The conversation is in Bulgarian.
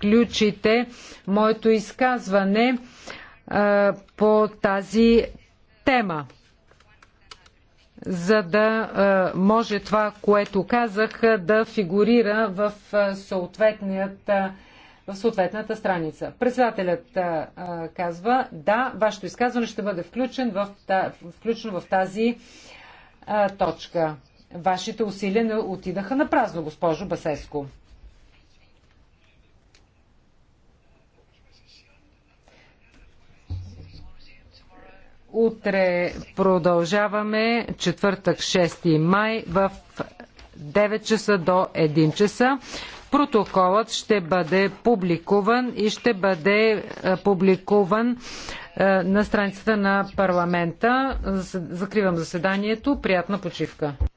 включите моето изказване а, по тази тема, за да а, може това, което казах, да фигурира в, съответният, в съответната страница. Председателят а, казва, да, вашето изказване ще бъде включен в, та, включено в тази а, точка. Вашите усилия не отидаха на празно, госпожо Басеско. Утре продължаваме, четвъртък 6 май в 9 часа до 1 часа. Протоколът ще бъде публикуван и ще бъде е, публикуван е, на страницата на парламента. Закривам заседанието. Приятна почивка.